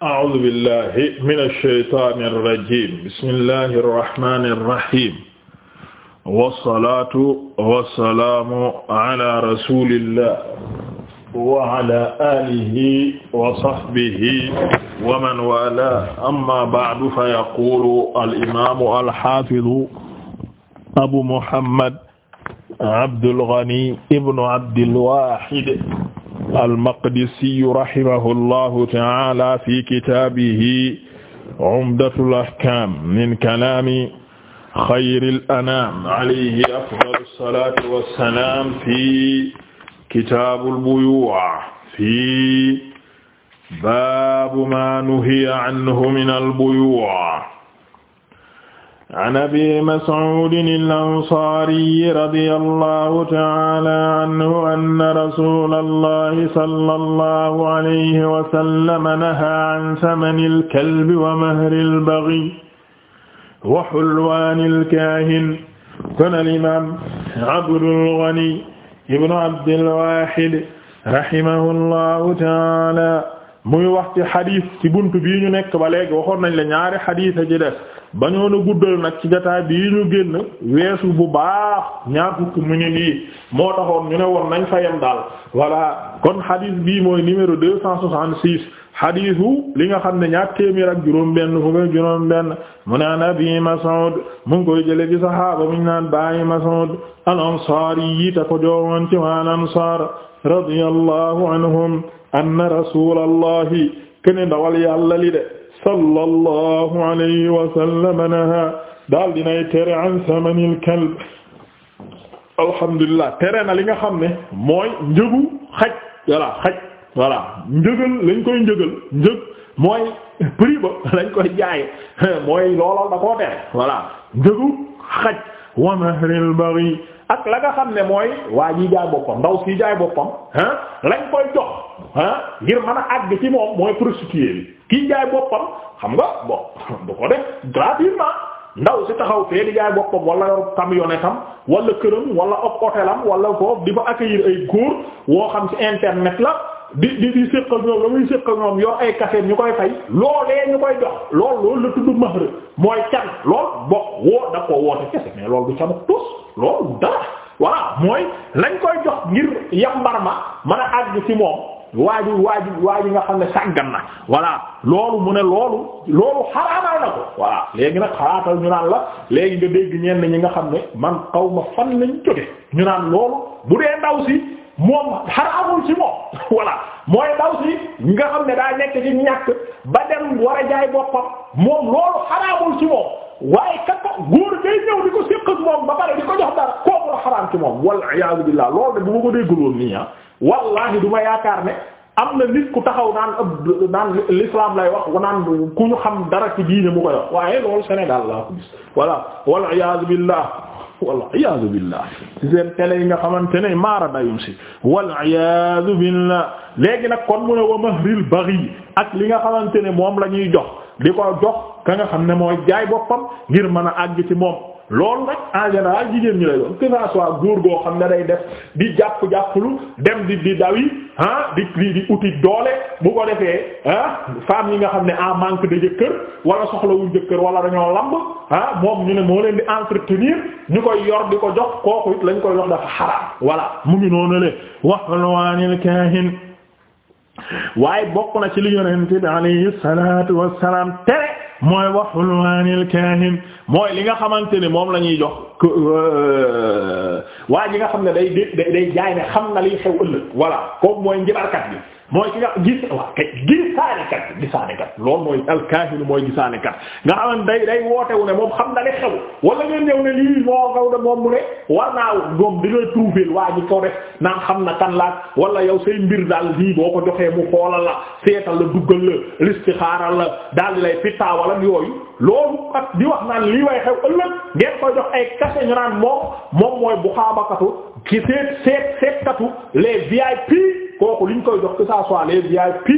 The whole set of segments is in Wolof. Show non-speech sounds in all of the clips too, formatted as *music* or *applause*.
a'uuzu billahi mina shaytaani rajiim bismillahi rahmaani rahiim wasalaatu wasalaamu ala rasulillah wa ala aalihi wa sahbihi wa man waalaahu amma ba'du fa yaquulu al-imaamu al-haafidu abu muhammad Abdul Ghani ibnu Abdil Waahid al-Maqdissî rahimahullahu ta'ala fi kitaabihi Umdatul Ahkaam min kalaami xayril anaam alayhi afdalu salaati wa salaam fi kitaabul buyuu' fi baabu maa nuhiya anhu minal buyuu' an abi mas'uudin al-ansaari radiyallahu ta'aala anhu anna rasuulallahi sallallahu alayhi wa sallam nahaa an samanil kalbi wa mahril baghi wa hulwaanil kaahin kon al-imaam Abdul Ghani ibnu Abdil Waahid rahimahullahu ta'aala muy wax ci xadiis ci buntu bii ñu nekk ba léegi waxoon nañ la ñaari xadiis a ci def bañoon a guddal nag ci jotaay bi ñu génn weesu bu baax ñaar fukki minutes yi moo taxoon ñu ne woon nañ fa yem daal voilà kon hadith bii mooy numéro deux cent soixante-six hadithu li nga xam ne ñaar téeméer ak juróom-benn fukk ak juróom-benn mu ne an Abi Mas'ud mu ngi koy jële ci saxaaba mu ñu naan Baay Mas'ud al-Ansaari yi ko joowoon ci waan Ansaar radiyallahu anhum anna rasulallahi kene ndawal yàlla li de sallallahu alayhi wa sallam naha daal dinay tere an samanil kalb alhamdulillah tere na li nga xam ne mooy njëgu xaj voilà xaj voilà njëgal lañ koy njëgal njëg mooy prix ba *laughs* lañ koy jaaye *laughs* mooy loolal da koo tere voilà njëgu xaj wa mahril baghi ak la nga xam ne mooy waa ji jaay boppam ndaw si jaay boppam ah lañ koy jox ah ngir mën a àgg ci moom mooy prostituée bi kii jaay boppam xam nga bon *laughs* du ko def gratuitement ndaw si taxaw fee di jaay boppam wala yor camionnette am wala këram wala op hôtelam wala foofu di fa accueillir ay góor woo xam ci internet la di di di séqal ñoom la muy séqal ñoom yor ay café ñu koy fay loolee ñu koy jox lool loolu la tudd mahar mooy can lool bokk woo da ko woote kese mais loolu du canu tus loolu dara voilà mooy lañ koy jox ngir yambar ma mën a àgg ci moom waa ji waa ji waa ji nga xam ne sàggan na voilà loolu mu ne loolu loolu xaraamal na ko voilà léegi nag xalaatal ñu naan la léegi nga dégg ñenn ñi nga xam ne man xaw ma fan lañ jóge ñu naan loolu bu dee ndaw si moom xaraamul ci moom *laughs* si a jaay moom loolu xaraamul ci góor day ñëw di ko séq moom ba pare di ko jox dara kooku la xaraam moom wal iyaazu billaah loolu de bu ma ko déggul woon nii ah wallahi du ma yaakaar ne am na nit ku taxaw naan ab naan l'islam lay wax naan ku ñu xam dara ci diine mu koy waaye loolu Sénégal laa ko gis voilà wal iyaazu billah wal yi nga xamante ne maara dayum si wal iyaazu billah léegi nag kon mu ne wa mahril baghi ak li nga xamante ne moom la ñuy jox di ko jox ka nga xam ne mooy jaay boppam ngir mën a àgg ci moom loolu nag en général jigéen ñi lay doon que ça góor goo xam ne day def di jàpp jàppalu dem di di daw yi ah, di di di uti doole bu ko defee ah femmes yi nga xam ne en manque de jëkkër wala soxlawul jëkkër wala dañoo lamb ah moom ñu ne moo leen di entretenir ñu koy yor di ko jox kooku it lañ koy jox dafa xaraam voilà mu ngi noonu le wax lwaanil kaahin waaye bokk na ci li yonente bi alayhi salatu wassalam tere mooy waxulwaanil kaahin mooy li nga xamante ne moom la ñuy jox euh, waa ji nga xam ne day day jaay ne xam na liy xew ëllëg voilà kooku mooy njibarkat bi mooy ki nga gis waaw kay gisaanekat gisaanekat loolu mooy alkaahinu mooy gisaanekat nga xamante day day wootewu ne moom xam na ne xew wala ngeen ñëw ne lii moo xew de moom mu ne war naa moom di nga waa ji ko def naan xam na kan laat wala yow say mbir daal lii boo ko joxee mu xoolal la seetal la duggal la listixaaral la daal di lay fittaawal ak yooyu. loolu ak di wax naan lii way xew ëllëg ngeen koy jox ay cachet ñu naan moom moom mooy bu xaabakatu ki seet seet seetkatu les VIP kooku liñ koy jox que VIP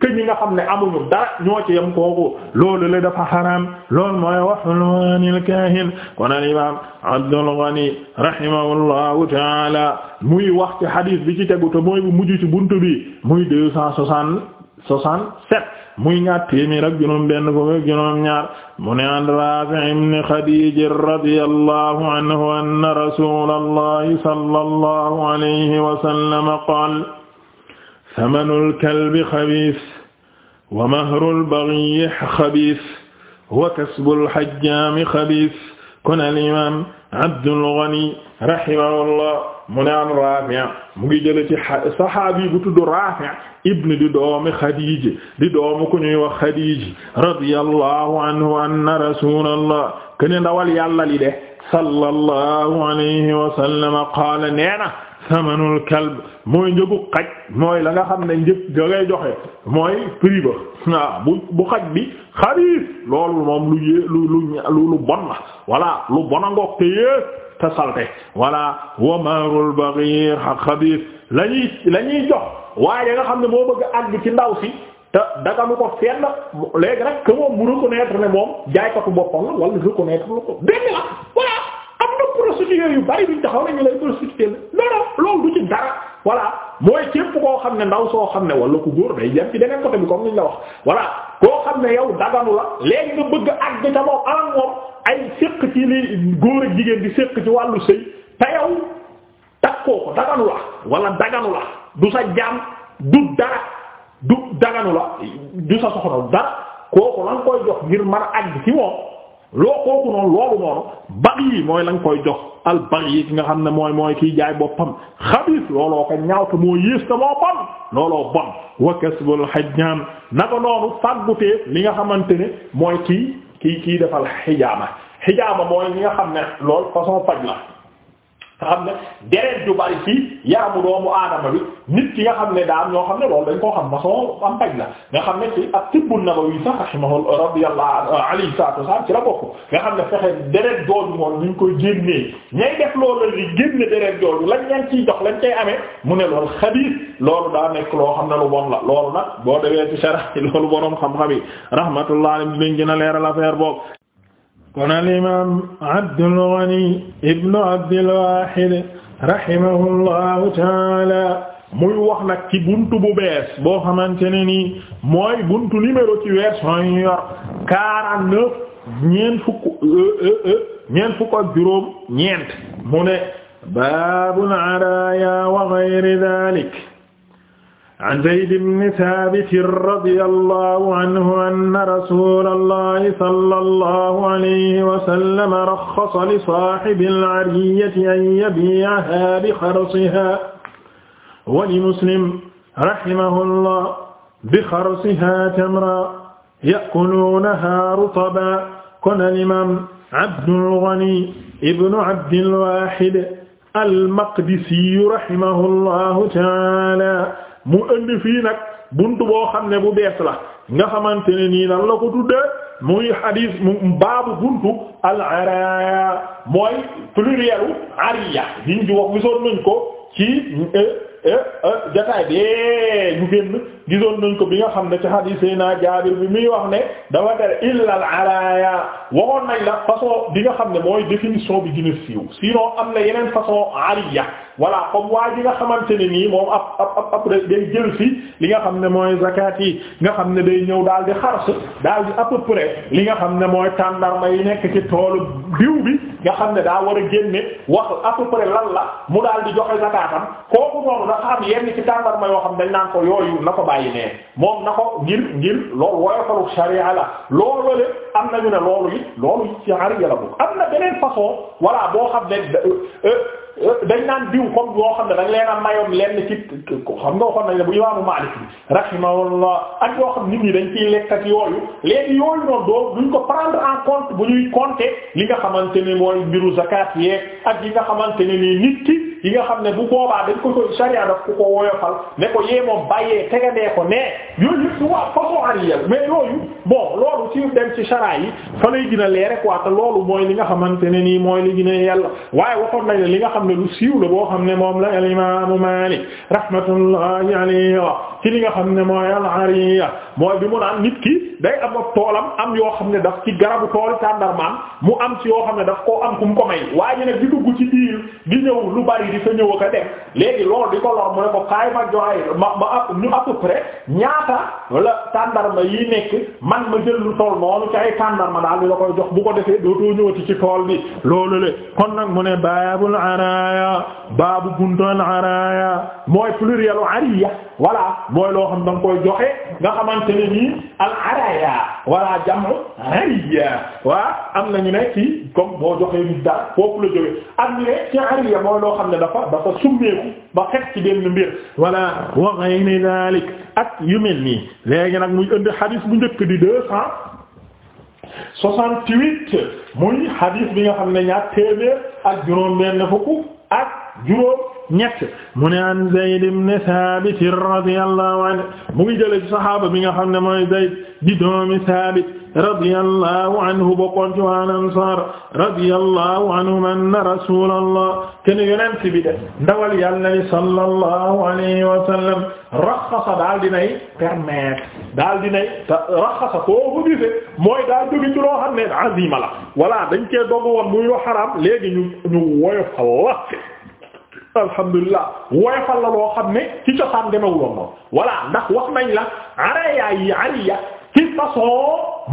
que nga xam ne amuñu dara ñoo ci yem kooku loolu la dafa xaraam lool mooy waxul waanil kaahin kon al imam Abdul Ghani rahimahullahu taala muy wax ci hadith bi ci tegu te mooy bu mujj ci bi muy deux cent soixante soixante sept muy ñaar téeméer ak juróom benn fukk ak juróom ñaar mu ne an Raafi' ibn Xadiij radiyallahu anhu anna rasuulallahi sallallahu alayhi wa sallam qaala samanul kalbi xabiis wa mahrul baghiyyi xabiis wa kasbul hajjaami xabiis kon al imaam Abdul Ghani rahimahullah mu ne an Rafi' mu ngi jële ci saxaabi bu tudd Rafi' ibn di doomi Xadiija di doomu ku ñuy wax Xadiija radiyallahu anhu anna rasulallah kene ndawal yàlla li de sallallahu alayhi wa sallam qaala neena samanul mooy njëgu xaj mooy la nga xam ne njëg da ngay joxe mooy prix bu bu xaj bi xaris loolu moom lu yée lu lu lu bon lu bon a ngoog te salte voilà wa marul baghir xabiir lañuy lañuy jox waaye nga xam ne moo bëgg àgg ci ndaw si te dagalu ko fenn léegi nag que moom mu reconnaître ne moom jaaykatu boppam la wala reconnaître lu ko benn la voilà am na prostituées yu bari duñ taxaw nañu lay prostituer loolu du ci dara voilà mooy képp koo xam ne ndaw soo xam ne wala ku góor day jëm ci beneen côté bi comme niñ la wax voilà koo xam ne yow daganu la léegi nga bëgg ak bi ta alal moom ay séq ci li góor ak jigéen di séq ci wàllu sëy te yow takkoo ko daganu la wala daganu la du sa jaam du dara du daganu la du sa soxna dara kooku la nga koy jox ngir mën a àgg ci moom loo kooku noonu loolu noonu bari yi mooy la koy jox al yi ki nga xam ne mooy mooy kiy jaay boppam xabiis looloo ko ñaaw te moo yées te moo bon looloo bon wa kasbul hajjam naka noonu fàggutee li nga xamante ne mooy kii kii kii defal xijaama xijaama mooy li nga xam ne loolu façon faj la nga xam ne deret ju bari ci yaramu doomu aadama bi nit ki nga xam ne daal ñoo xam ne loolu dañ koo xam façon am paj la nga xam ne ci ak tibbu nabawi sax rahimahu radiyallahu alayhi salatu wasallam ci la bokk nga xam ne fexe deret jooju moom ñu koy génnee ñay def loolu li génne deret jooju lañ leen ciy jox lañ cay amee mu ne loolu xabiis loolu daa nekk loo xam ne lu bon la loolu nag boo demee ci sharh loolu borom xam-xam yi rahmatullah alayhi dinañ gën a leeral affaire boobu kon al imaam Abdul Ghani ibnu Abdil Waahid rahimahullahu taala muy wax nag ci buntu bu bees boo xamante ne nii mooy buntu numéro ci version yu yor quarante-neuf ñeent fukk euh, euh, euh, ñeent fukk ak juróom ñeent mu ne baabul araaya wa ghayri dhalik an Zayd ibn Thabit radiyallahu anhu anna rasulallahi sallallahu alayhi wa sallam raxxasa li saahibil ariyyati an yabii'ahaa bi xarsihaa wa li Muslim rahimahullah bi xarsihaa tamra ya'kuluunahaa rutaban kon al-imaam Abdul Ghani ibn Abdil Waahid al-Maqdisi rahimahullahu ta'aala mu indi fii nag buntu boo xam ne bu bees la nga xamante ne nii nan la ko tuddee muy hadis mu baabu buntu al-araa mooy plurielu ariya liñ ci wax gisoon nañ ko ci euh, Eh, eh, jataay bi eh, ñu génn gisoon nañ ko bi nga xam ne ci hadis yi naa Jaabir bi muy wax ne dafa tere illal alaaya waxoon nañ la façon bi nga xam ne mooy définition bi gën a siiw sinon am na yeneen façon ariya voilà comme waa ji nga xamante ne nii moom ab ab ab day jël si li nga xam ne mooy zakat yi nga xam ne day ñëw daal di xars daal di à peu près li nga xam ne mooy tàndarma yi nekk ci toolu diw bi nga xam ne daa war a génne wax à peu près la mu daal di joxe zakaatam kooku noonu dafa am yenn ci ma yoo xam dañ naan ko yooyu na ko bàyyi nee moom na ko ngir ngir loolu woyofalu sharia la loolu le am ñu ne loolu it loolu it ci ariya la am na beneen façon voilà boo xam ne euh, euh, dañ naan diw ko yoo xam ne dañ leen a mayoon lenn ci xam nga waxoon nañ ne bu imaamu Maalik bi rahimahullah ak yoo xam nit ñi dañ ciy lekk yooyu léegi yooyu noonu doo duñ ko prendre en compte bu ñuy compter li nga xamante ne mooy mbiru zakat yeeg ak yi nga xamante ne nii nit ki. yi nga xam ne bu boobaa dañ ko koy sariya ku ko woyofal ne ko yee moom bàyyee tegandee ko nee yooyu yëpp waa façon ariya mais yooyu bon loolu ci dem ci sariya yi fa lay gën a leere quoi loolu mooy li nga xamante ne nii mooy li gën a yàlla waaye waxoon nañ li nga xam ne lu siiw la boo xam ne moom la al imaamu Maalik rahmatullahi alayhi ci li nga xam ne mooy al-ariya mooy bi mu naan nit ki day am ak toolam am yoo xam ne daf ci garabu tool tàndarmaan mu am ci yoo xam ne daf koo am ku ko may waaye nag di dugg ci biir di ñëw lu bari di fa ñëw ak a dem léegi loolu di ko lor mu ko kaay ma joxe ma ma ñu à ñaata la tàndarma yi nekk man ma jël lu tool noonu ci ay tàndarma daal di la koy jox bu ko defee dootoo ñëwati ci tool bi loolu kon nag mu ne baabul araaya baabu buntoon araaya mooy plurielu ariya voilà mooy loo xam da nga koy joxe nga xamante ne nii al araya wala jamu ariya waa am nañu ne ci comme boo joxee nit daal foofu la jóge am ñu ne ci ariya mooy loo xam ne dafa dafa summeeku ba xet ci benn mbir wala wa ghayri dalik ak yu mel nii léegi nag muy ënd hadis bu njëkk di deux cent soixante-huit muy hadis bi nga xam ne ñaar téeméer ak juróom benn fukk ak juróom ñett mu ne an Zayd ibn Thabit radiyallahu anhu mu ngi jële ci saxaaba bi nga xam ne mooy Zayd di doomi Thabit radiyallahu anhu bokkoon ci waa Ansaar radiyallahu anhum anna rasulallah kenn yonent bi de ndawal yàlla li sallallahu alayhi wa sallam raxasa daal dinay permettre daal dinay raxasa koo ko gisee mooy daal jógi ci loo xam ne azima la voilà dañ cee dogu woon muy yoo xaraam léegi ñu ñu woyof Allah alhamdulilah woyofal la loo xam ne ci cosaan demewuloon noonu voilà ndax wax nañ la araya yi ariya ci façon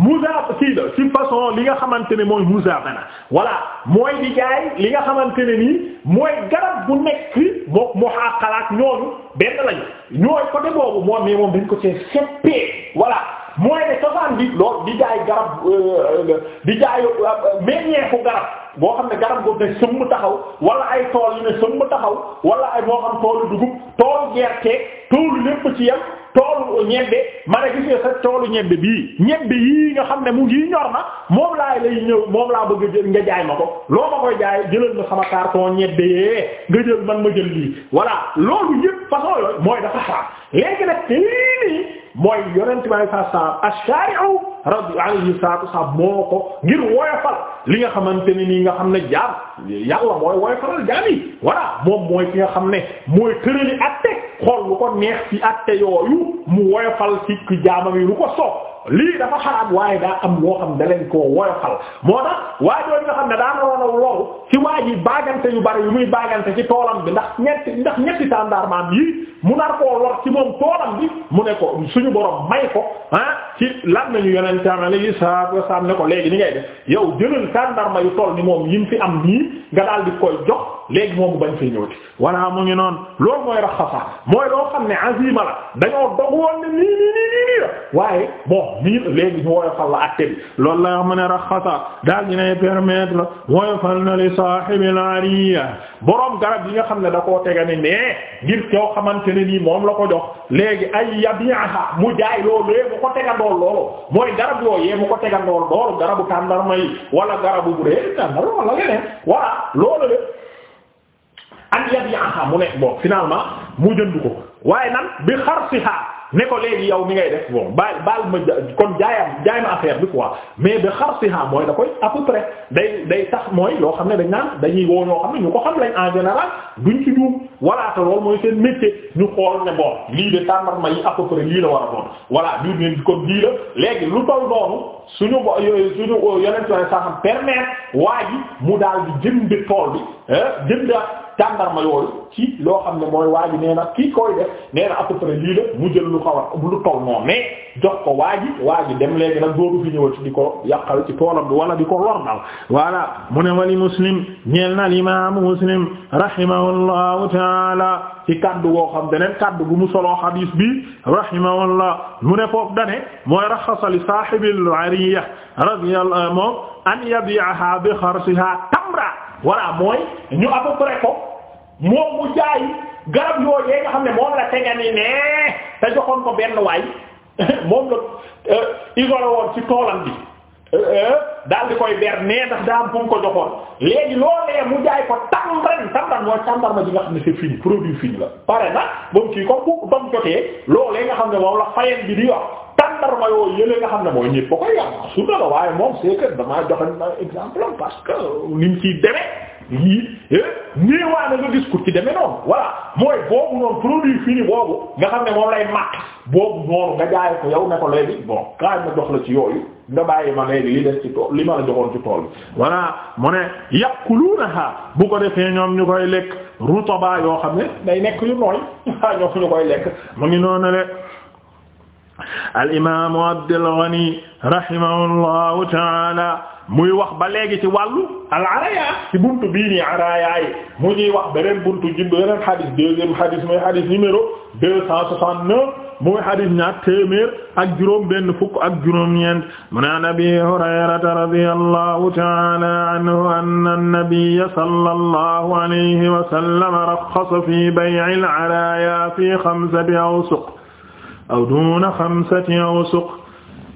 musaab ci ci façon li nga xamante ne mooy musaabana voilà mooy di jaay li nga xamante ne nii mooy garab bu nekk mook moo xaalaat ñooñu benn lañu ñooy côté boobu moom mais moom dañ ko ci seppee voilà mooy ne cosaan bi loolu di jaay garab euh, di jaay euh, meññeeku garab. boo xam ne garab googu ne sëmb taxaw wala ay tool yu ne sëmb taxaw wala ay boo xam toolu dugub toolu gerte toolu lépp ci yam toolu ñebbe ma ne gis nga sa toolu ñebbe bii ñebbe yii nga xam ne mu ngi ñor na moom laay lay ñëw moom laa bëgg jël nga jaay ma ko loo ma koy jaay jëlal ma sama carton ñebbe yee nga jël man ma jël lii voilà loolu yëpp façon yooyu mooy dafa xaram léegi nag te lii nii mooy yonent bi alayhi salaam ash-shari'u radiyallahu anhu moo ko ngir ni yi nga xam ne jaam yàlla mooy woy faral jaam yi moom mooy ki nga xam ne mooy tërali atte xool lu ko neex ci atte yooyu mu woyofal ci jaamam yi lu ko soob lii dafa xaraam waaye daa am loo xam da leen koo woyofal moo tax waaye doon xam ne daa naroon a loru ci waa ji baagante yu bari yu muy baagante ci toolam bi ndax ñetti ndax ñetti gendarmerie yi mu nar koo lor ci moom toolam bi mu ne ko suñu borom may ko ah ci lan nañu yonent alayhi salaatu wa salaam ne ko léegi ni ngay def yow jëlal gendarme yu toll ni moom yi mu fi am nii nga daal di koy jox léegi moom mu bañ fay ñëwati voilà mu ngi noonu loolu mooy raxasa loo xam ne azima la dañoo dog woon ne nii léegi ñu woyofal la àtte bi loolu la xam ne raxasa daal ñu ne permettre woyofal na li saahibil ariya boroom garab yi nga xam ne da koo tegani nee ngir koo xamante ne nii moom la ko jox léegi ay yabiaha mu jaay loolu yee mu ko tegandool loolu mooy garab yooyu yee mu ko tegandool loolu garabu tàndarma yi wala garabu bu dee tàndarma wala leneen voilà loolu de an yabiaha mu ne bon finalement mu jënd ko waaye nan bi xarsiha ne ko léegi yow ni ngay def bon baal baal ma kon jaayam jaay ma affaire bi quoi mais ba xar si ha mooy da koy à peu près day day tax mooy loo xam ne dañ naan dañuy woo ñoo xam ne ñu ko xam lañ en général duñ ci juum walla loolu mooy seen métier ñu xool ne bon lii de tàndarma yi à peu lii la war a doon voilà ñu ne kon lii la léegi lu toll su suñu suñu yeneen suñu saxam permettre waa ji mu daal di jënd tool bi jënd tàndarma yooyu ci loo xam ne mooy waa ji nee na kii koy def nee na lii la mu jël lu ko war lu toll noonu mais jox ko waa ji waa dem léegi nag dootu fi ñëwati di ko yàqal ci toolam bi wala di ko lor daal voilà mu rahimahullahu taala ci kaddu woo xam beneen kaddu bu mu soloo xadis bi rahimahullah mu ne foofu dane mooy raxasa li saahibil ariya radiyallahu moom an yabi'aha bi xarsiha moom mu jaay garab yooyee nga xam ne moom la tegani ne te joxoon ko benn waay *laughs* moom la euh, isolé woon ci Euh, daal di koy ber nee ndax daa am fu ko joxoon léegi loolee mu jaay ko tàmbali tàmbali mooy tàmbali bi nga xam ne c'est fini produit fini la pare na moom kii ko bu doom jotee loolee nga xam ne moom la fayal bi di wax. tàndarma yoo yële nga xam ne mooy ñëpp ba koy yàq su la waaye moom c'est que damaa joxe na exemple parce que eh, ci demee noonu voilà mooy boobu noonu produit fini boobu nga xam ne moom lay màq boobu noonu nga jaay ko yow ne ko léegi bon kaay ma jox la ci yooyu nga bàyyi ma léegi li des ci tool li ma la joxoon ci tool bi voilà mu ne yàquluunaha bu ko defee ñoom ñu koy lekk rutaba yoo xam ne day nekk yu nooy *laughs* ñoom ñu koy lekk mu ngi noonu le al imaamu Abdul Ghani rahimahullahu taala muy wax ba léegi ci wàllu al araya ci buntu bii nii araya yi mu ñuy wax beneen buntu ji beneen xadis deuxième xadis mooy xadis numéro deux cent soixante neuf mooy xadis ñaar téeméer ak juróom benn fukk ak juróom-ñeent mu ne an abi hurayrata radiyallahu taala anhu anna an-nabiyya sallallahu alayhi wa sallam raxxasa fi bay'il araya fi xamsati awsuq aw duna xamsati awsuq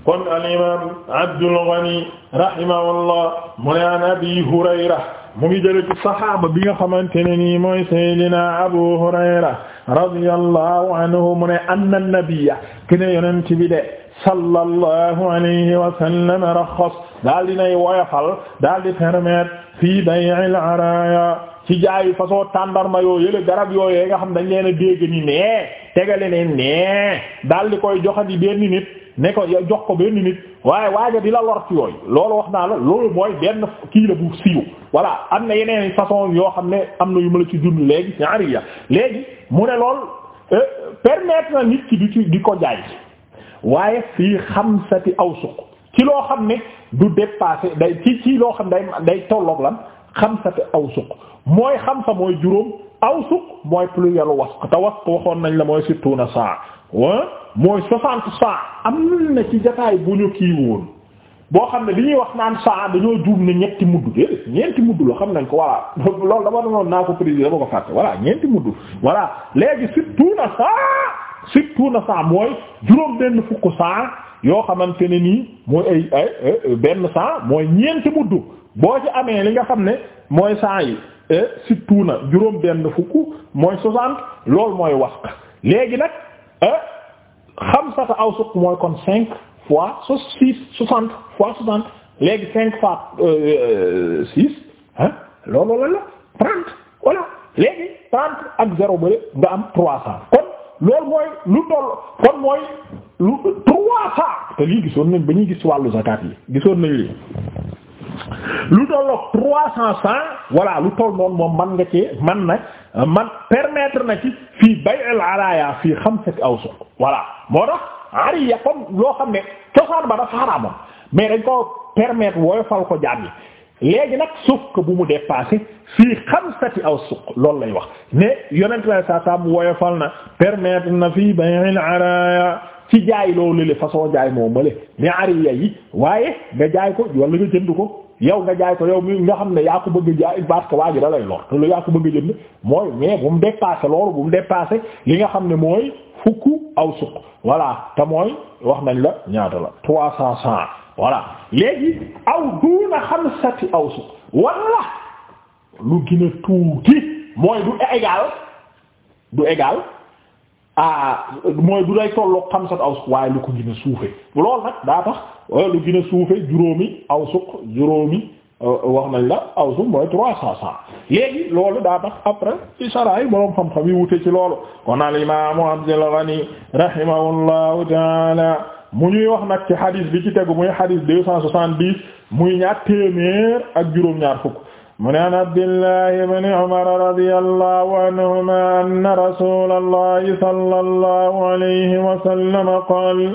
kon al imam Abdul Ghani rahimahullah mu ne an Abi Hurayra mu ngi jële ci saxaaba bi nga xamante ne nii mooy Seydina Abu Hurayra radiyallahu anhu mu ne anna nabiyya kene yonent bi de sallallahu alayhi wa sallam raxas daal dinay woyofal daal di permettre fii bay'il araaya ci jaayu façon tàndarma yoo yële garab yooyee nga xam dañ leen a dégg ni nee tegale ne nee daal di koy joxati benn nit ne ko jox ko benn nit waaye waaja di la lor ci yooyu loolu wax naa la loolu mooy benn kii la bu siiw voilà am na yeneen façon yoo xam ne am na yu ma la ci dund léegi ñaari ya léegi mu ne lool euh, permettre na nit ki di ci di ko jaay waaye fii xamsati awsuq ci loo xam ne du dépasser day ci ci loo xam day day tolloog lan aw awsuq mooy xamsa mooy juróom awsuq mooy pluriel wasq te wasq waxoon nañ la mooy sittuuna saa wa mooy soixante saa am na ci jataay bu ñu kii woon boo xam ne li ñuy wax naan saa dañoo juum ne ñetti mudd déedéet ñeenti mudd la xam nañ ko voilà *laughs* loolu dama doon naa ko prési dama ko fàtte voilà ñeenti mudd voilà léegi sittuuna saa sittuuna saa mooy juróom benn fukk saa yoo xamante ne nii mooy ay benn saa mooy ñeenti mudd boo ci amee li nga xam ne mooy cent yi eh, surtout na juróom benn fukk mooy soixante loolu mooy wax léegi nag eh, aw awsuq mooy kon cinq fois six soixante fois soixante léegi cinq fois euh, euh, six ah loolu la la trente voilà léegi trente ak zéro bëre nga am trois cents kon loolu mooy lu toll kon mooy lu trois cents te lii gisoon nañ ba ñuy gis wàllu zakat yi gisoon nañ lii lu tolloog trois cent cent voilà lu toll noonu moom man nga ci man na man permettre na ci fii bay al alaya fii xamsati awsuq voilà moo tax ariya comme loo xam ne cosaan ba dafa xaraamoon mais dañ ko permettre wooy fal ko jànni léegi nag suuf bu mu dee dépassé fii xamsati awsuq loolu lay wax ne yonent lay saa saa mu woyofal na permettre na fii bay'il araya ci jaay loolu le façon jaay moo male mais ariya yi waaye nga jaay ko wala nga jënd ko yow nga jaay ko yow mi nga xam ne yaa ko bëgg jaay parce que waa ji da lay lor te lu yaa ko bëgg jënd mooy mais bu mu dépassé loolu bu mu dépassé li nga xam ne mooy fukk aw suq voilà te mooy wax nañ la ñaata la trois cent cent voilà léegi aw duuna xamsati aw suq wala lu gën tuuti mooy du égal du égal ah mooy du day tolloog xamsat awsuq waaye lu ko gën a suufe loolu nag daa tax eh, lu gën a suufe juróomi awsuq juróomi eh, wax nañ la awsuq mooy trois cent cent léegi loolu daa tax après ci saraa yi boroom xam-xam yi wute ci loolu kon al imaamu Abdul Ghani rahimahullahu taala mu ñuy wax nag ci hadis bi ci tegu muy hadis deux cent muy ñaar téeméer ak juróom-ñaar fukk mu ne an abdillahi ibni umara radiyallahu anhuma anna rasulallahi sallallahu alayhi wa sallam qaala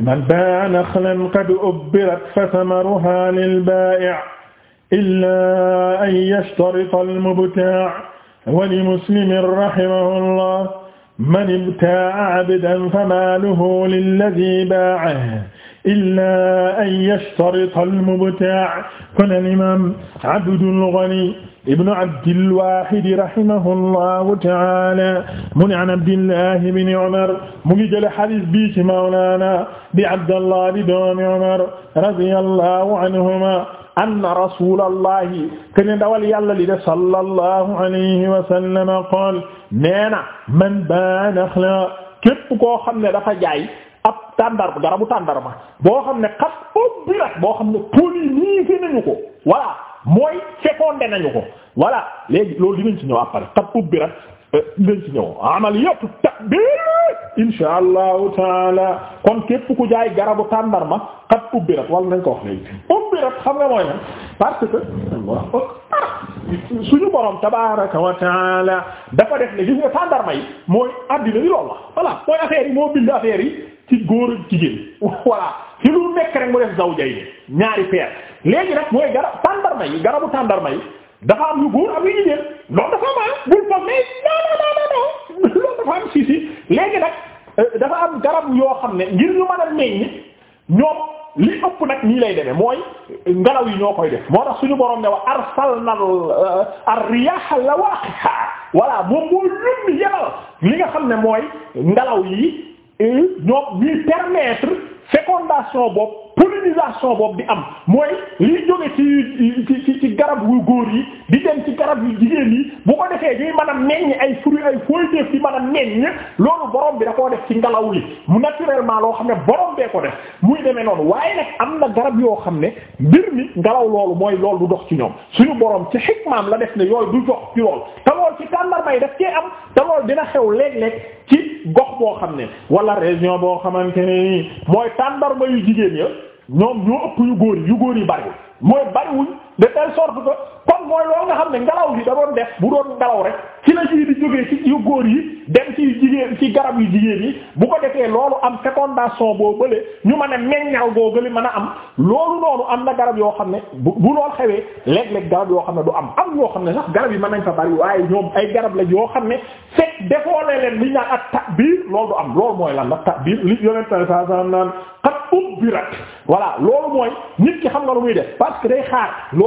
man baa'a nakhlan qad ubbirat fasamaruha lilbaa'i' illaa an yashtarita al-mubtaa' wa limuslimin rahimahullah man ibtaa'a abdan famaaluhu lilladhii baa'ahu illaa an yashtarita al-mubtaa' kon al-imaam Abdul Ghani ibnu Abdil Waahid rahimahullahu ta'aala mu ne an Abdillah ibn Umar mu ngi jëlee hadiis bi ci mawlaana bi Abdallah di doomi Umar radiyallahu anhumaa anna rasuulallahi kaana dawal yàlla li de sallallahu alayhi wa sallam qaala nee na man baana naxla képp koo xam ne dafa jaay. ab tàndar garabu tàndarma boo xam ne xat ubbi boo xam ne pollinisé nañu ko voilà mooy na nañu ko voilà léegi loolu dinañ na ñëw après xat ubbi la euh, dinañ ci ñëw amaliyatu tabir insha allahu taala kon képp ku jaay garabu tàndarma xat ubbi la wala nañ ko wax léegi ubbi xam nga mooy nag parce que suñu borom tabaraka wa taala dafa def ne gis nga tàndarma yi mooy addina yi la voilà mooy affaire moo bind affaire yi ci góor ak jigéen voilà ci lu nekk rek mu def zawjay ni ñaari peer léegi nag mooy garab tàndarma yi garabu tàndarma yi dafa am yu góor am yu jigéen loolu dafa am ah, bul léegi nag euh, dafa am garab yoo xam ne ngir ñu mën a meññ ñoom li ëpp nag nii lay demee mooy euh, ngelaw yi ñoo koy def moo tax suñu borom ne wa arsalna euh, ar-riyaha lawaqiha voilà moom moo yónni yebal li nga xam ne mooy ngelaw yi. ñoom ñuy permettre fécondation boobu pollinisation boobu di am mooy liy jóge ci ci ci ci garab yu góor yi di dem ci garab yu jigéen yi bu ko defee ñuy man a meññ ay fruits ay fooyteef di mën a meññ loolu borom bi da koo def ci ngelaw li mu naturellement loo xam ne borom bee ko def muy demee noonu waaye nag am na garab yoo xam ne mbir mi ngelaw loolu mooy loolu du dox ci ñoom suñu borom ci xikmaam la def ne yooyu du dox ci lool ci tàndarma yi daf cee am te dina xew léeg-léeg ci gox boo xam ne wala région boo xamante ne nii mooy tàndarma yu jigéen ya ñoom ñoo ëpp yu góor yi yu góor yi bariwul mooy bariwuñ de telle sorte que kon mooy loolu nga xam ne ngelaw li da doon def bu doon ngelaw rek ci la ji di jógee ci yu góor yi dem ci jigéen ci garab yu jigéen yi bu ko defee loolu am fécondation boo bële ñu mën a meññal boo gëli mën a am loolu noonu am na garab yoo xam ne bu bu lool xewee léeg-léeg garab yoo xam ne du am am yoo xam ne sax garab yi mën nañ fa bari waaye ñoom ay garab la yoo xam ne fekk defoo leen li ñu naan ak tabir loolu du am loolu mooy lan la tabir li yonent saa saa naan xat ubbirat voilà loolu mooy nit ki xam nga lu muy def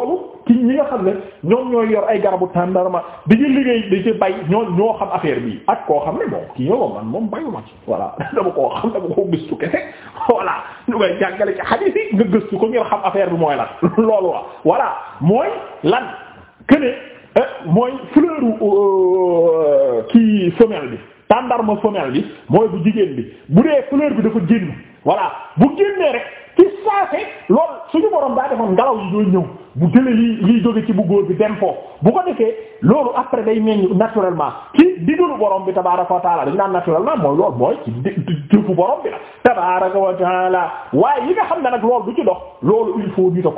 loolu ki ñi nga xam ne ñoom ñooy yor ay garabu tàndarma di ci liggéey di ci bay ñoo ñoo xam affaire bi ak koo xam ne bon kii nga man moom bayuma ci voilà *laughs* dama koo xam dama koo gëstu kese *laughs* voilà ñu koy jàngale ci xadiis gëstu ko ngir xam affaire bi mooy lan *laughs* loolu wa voilà mooy lan këne eh, mooy fleur euh, kii bi tàndarma femelle bi mooy bu jigéen bi bu dee fleur bi dafa génn voilà bu génnee rek ci saase loolu suñu borom daa defoon ngelaw yi ñooy ñëw bu jële lii lii jóge ci bu góor bi dem foofu bu ko defee loolu après day meññ naturellement ci digalu borom bi tabaaraka wa taala dañ naan naturellement mooy loolu mooy ci jëfu borom bi la tabaaraka wa taala waaye yi xam ne nag loolu du ci dox loolu il faut ñu da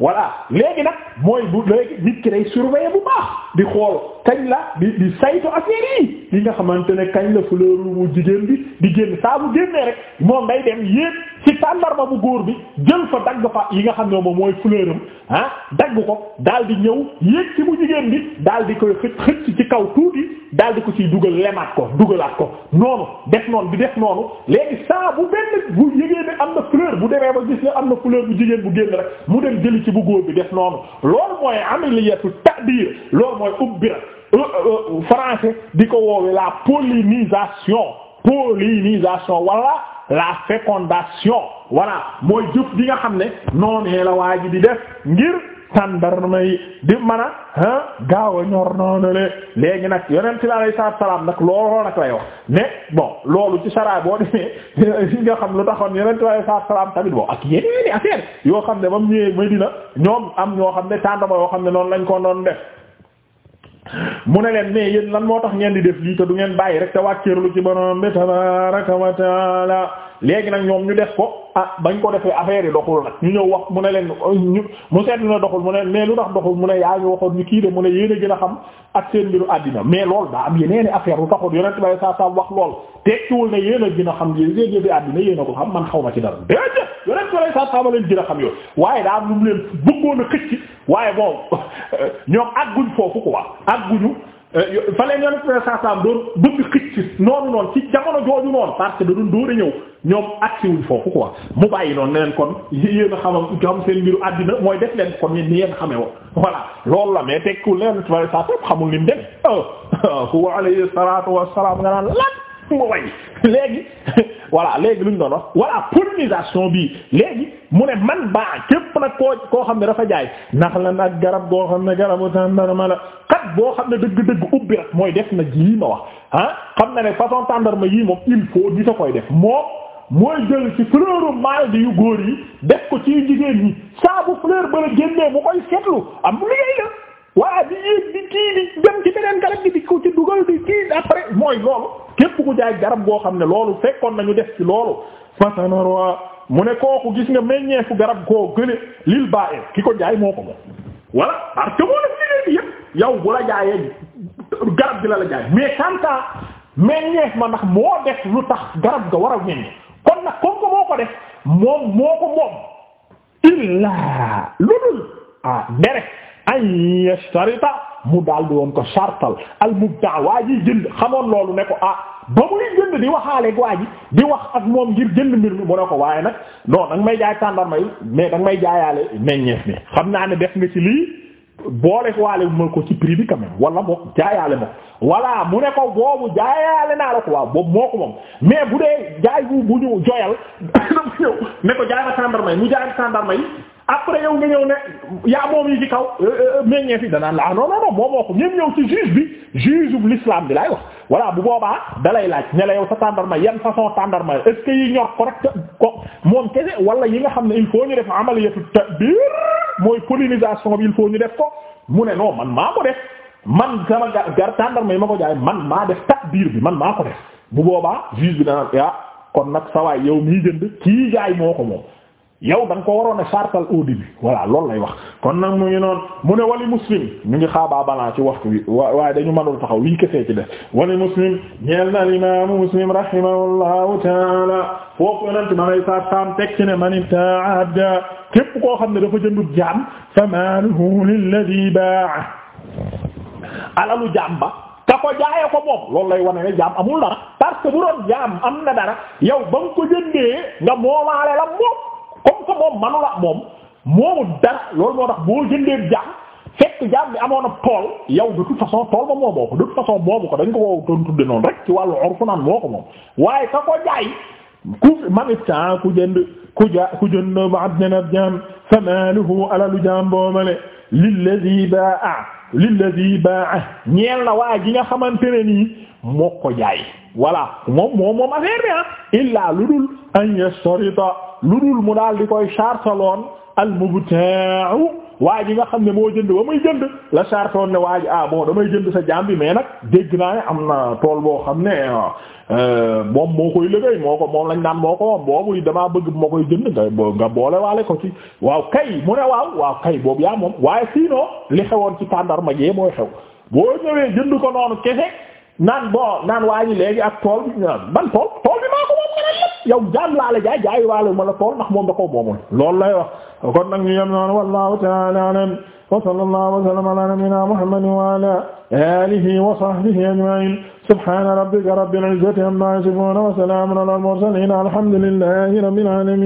voilà léegi nag mooy bu léegi nit ki day surveiller bu baax di xool kañ la di di saytu affaire yi yi nga xamante ne kañ la fleur bu jigéen bi di génn saa bu génnee rek moom day dem yéeg ci tàndarma bu góor bi jël fa dagg fa yi nga xam ne moom mooy fleuram ah dagg ko daal di ñëw yéeg ci mu jigéen bi daal di koy xëcc xëcc ci kaw tuuti daal di ko ciy dugal lemaat ko dugalaat ko noonu def noonu bi def noonu léegi saa bu benn bu yëgee ne am na fleur bu demee ba gis ne am na fleur bu jigéen bu génn rek mu dem jëli ci bu góor bi def noonu loolu mooy amaliyatu ta'dir loolu mooy ubbira euh, euh, français di ko woowe la pollinisation pollinisation wala la fécondation voilà mooy jëf ji nga xam ne noonee la waa ji di def ngir tàndarma yi di mën a gaaw a ñor noonale léegi nag yonent bi alayhi salaatu salaam nag looloo nag lay wax mais bon loolu ci saraay boo demee li *laughs* nga xam lu taxoon yonent bi alayhi salaatu salaam tamit bon ak yeneeni affaire yoo xam ne ba mu ñëwee Medina ñoom am ñoo xam ne tàndarma yoo xam ne noonu lañ ko doon def. mu ne leen mais yéen lan moo tax ngeen di def lii te du ngeen bàyyi rek te wàcceerlu ci borom bi tabaraka wa la léegi nag ñoom ñu def ko ah bañ ko defee affaire yi doxul nag ñu ñëw wax mu ne leen ñu mu seetlu na doxul mu ne mais lu tax doxul mu ne yaa ñu waxoon ñu kii de mu ne yéen a gën a xam ak seen mbiru àddina mais loolu daa am yeneen affaire lu taxul yonent bay saa saa wax lool tekkiwul ne yéen a gën a xam yéen jëfi àddina yéen a ko xam man xaw ma ci dara déedéet yonent bay saa saa ma leen gën a xam yooyu waaye daa am lu mu leen bëggoon xëcc waaye bon *laughs* ñoom àgguñ foofu quoi àgguñu Euh, fa leen yonent bi saa saam doon bëgg xëcc ci noonu noonu ci jamono jooju noonu parce que da doon dóor a ñëw ñoom agsiwuñ foofu quoi mu bàyyi noonu ne kon yéen a xamam xam seen mbiru àddina mooy def leen kon yéen ni yéen xamee woon voilà lool la mais tekku leen saa saam xamul ni mu dem ah euh, huwa *laughs* alayhi salaatu wassalaam nga naan lan mu way léegi *laughs* voilà léegi lu ñu wax voilà pollinisation bi léegi mu ne man baa képp nag koo koo xam ne dafa jaay nax la nag garab boo xam ne garabu tàndarma la kat boo xam ne dëgg-dëgg ubbi rek mooy def na ji ma wax ah xam na ne façon tàndarma yii moom il faut sa koy def moo mooy jël ci fleur mal bi yu góor yi def ko ci jigéen yi saabu fleur ba la génnee mu koy seetlu am liggéey la waa di yéeg di kii di dem ci beneen garab gi di ko ci dugal di kii après mooy loolu képp ku jaay garab goo xam ne loolu fekkoon nañu def ci loolu fasanora mu ne kooku gis nga meññeefu garab goo gëne lil ba'ir ki ko jaay moo ko moom voilà parce que moo def liggéey bi yëpp yow bu la jaayee garab gi la la jaay mais kanta meññeef ma ndax moo def lu tax garab ga war a meññ kon nag comme que moo ko def moom moo ko moom illaa lu dul ah dere an yashtarita mu daal di woon ko sartal al mubta waa ji jënd xamoon loolu ne ko ah ba muy jënd di waxaale waa di wax ak moom ngir jënd mbir mi mu ne ko waaye nag non da may jaay tàndarma yi mais da may jaayaale meññeef mi xam naa ne def nga ci lii boole waale ma ko ci prix bi quand même wala moom jaayaale ma voilà mu ne ko boobu jaayaale naa la ko waaw boobu moo ko moom mais bu dee jaay bu bu ñu joyal *coughs* ne ko jaay ma tàndarma yi mu jaay après yow nga ñëw ne yaa moom yi ci kaw euh, euh, euh, meññee fi danaan la ah non non non moo ko ñëpp ñëw ci juge bi juge bu bi laay wax voilà bu boobaa dalay laaj ne la yow sa tàndarma yan façon tàndarma est ce que yi ñor correct ko moom kese wala yi nga xam ne il faut ñu def amaliyatu tabir mooy pollinisation il faut ñu def ko mu ne non man maa man sama gar gar yi ma ko jaay man maa def tabir bi man maa ko def bu boobaa juge bi danaan ah kon nag sawaay yow mii jënd kii jaay moo ko moom yow da nga ko waroon a sartal au début loolu lay wax kon na mu ngi mu ne wali muslim ñu ngi xaabaa balaa ci waxtu wi waaye dañu mënul taxaw liñ kesee ci def wali muslim ñeel na alimaamu muslim rahimahullahu taala foofu yonent ma lay sar saam teg ci ne man ta'abda képp koo xam ne dafa jëndub jaam fa maaluhu lilladi baa alalu jaam ba ka ko jaayee ko moom loolu lay wane ne jaam amul dara parce que bu doon jaam am na dara yow ba nga ko jëndee nga moomaale la que moom manula moom moomu dara loolu moo tax boo jëndee jaam fekk jaam bi amoon ab tool yow de toute façon tool ba moomoo ko de toute façon moomu ko dañ ko wow doon tudde noonu rek ci wàllu orfu naan moo ko moom waaye ka ko jaay ku manita ku jënd ku ja ku jënd ab janab jaam fa maaluhu alalu jaam boomale lilladi baa lilladi baa waa gi nga xamante moo ko jaay voilà moom moom moom affaire bi ah illaa lu dul an yastarita lu dul mu daal di koy chartaloon al mubta'u waa ji nga xam ne moo jënd ba muy jënd la chartoon ne waaj ji ah bon damay jënd sa jaam bi mais nag dégg naa ne am na tool boo xam ne ah, euh, moom moo koy liggéey moo moom lañ naan moo ko moom boobu damaa bëgg moo koy jënd nga nga boole waale ko ci waaw kay mu ne waaw waaw kay boobu yaa moom waaye sinon li xewoon ci tàndarma jee mooy xew boo ñëwee naan bon naan waa ji léegi ak tool bi ban tool tool bi maa ko moom nga lépp yow jaam laa la jaay jaay waale ma la tool ndax moom da koo moomul loolu lay wax kon nag ñu yem noonu wallahu ta'ala a'lam wa sallallahu wa sallama ala nabiyyina muhammadin wa ala alihi wa sahbihi ajma'in subhana rabbika rabbil izzati amma yasifun wa salamun ala al mursalin alhamdulillahi rabbil alamin